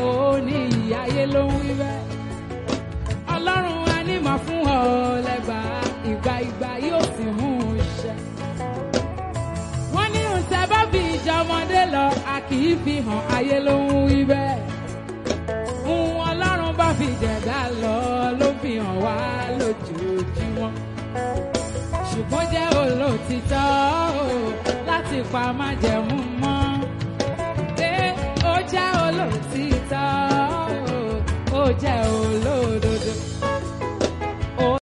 ó ní ìyá ayé ló ń wí bẹ́ẹ̀. ọlọ́run a ní máa fún ọ lẹ́gbàá ìgbà ìgbà yóò sì mú un ṣẹ. wọ́n ní ǹtẹ́ bá bí ìjà ọmọdé lọ a kì í fi hàn ayé ló ń wí bẹ́ẹ̀. ohun ọlọ́run bá fi jẹ̀dá lọ ló fi hàn wá lójoojúmọ́. ṣùgbọ́n jẹ́ olóòtítọ́ láti pa májẹ̀mú. Oh, ó jẹ́ olódodo.